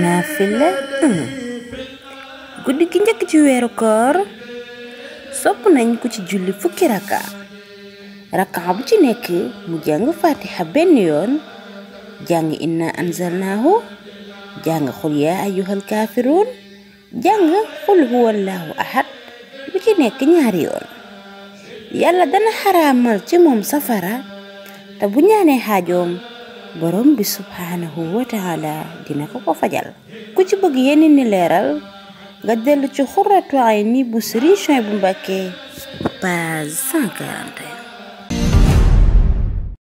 naafila guddi gi njëkk ci weeru koor sopp nañ ko ci julli fukki raka raka bu ci nekk mu jàng fatiha benn yoon jàng inna anzalnaahu jàng xul yaa ayyuhal kaafiruun jàng xul huwallaahu ahad bu ci nekk ñaari yoon yàlla dana xaraamal ci moom safara te bu ñaanee xaajoom borom bi subhaanahu wa taala dina ko ko fajal ku ci bëgg yeneen ni leeral nga dellu ci xurratu ayni bu Serigne Souhaïbou bu Mbacké page 141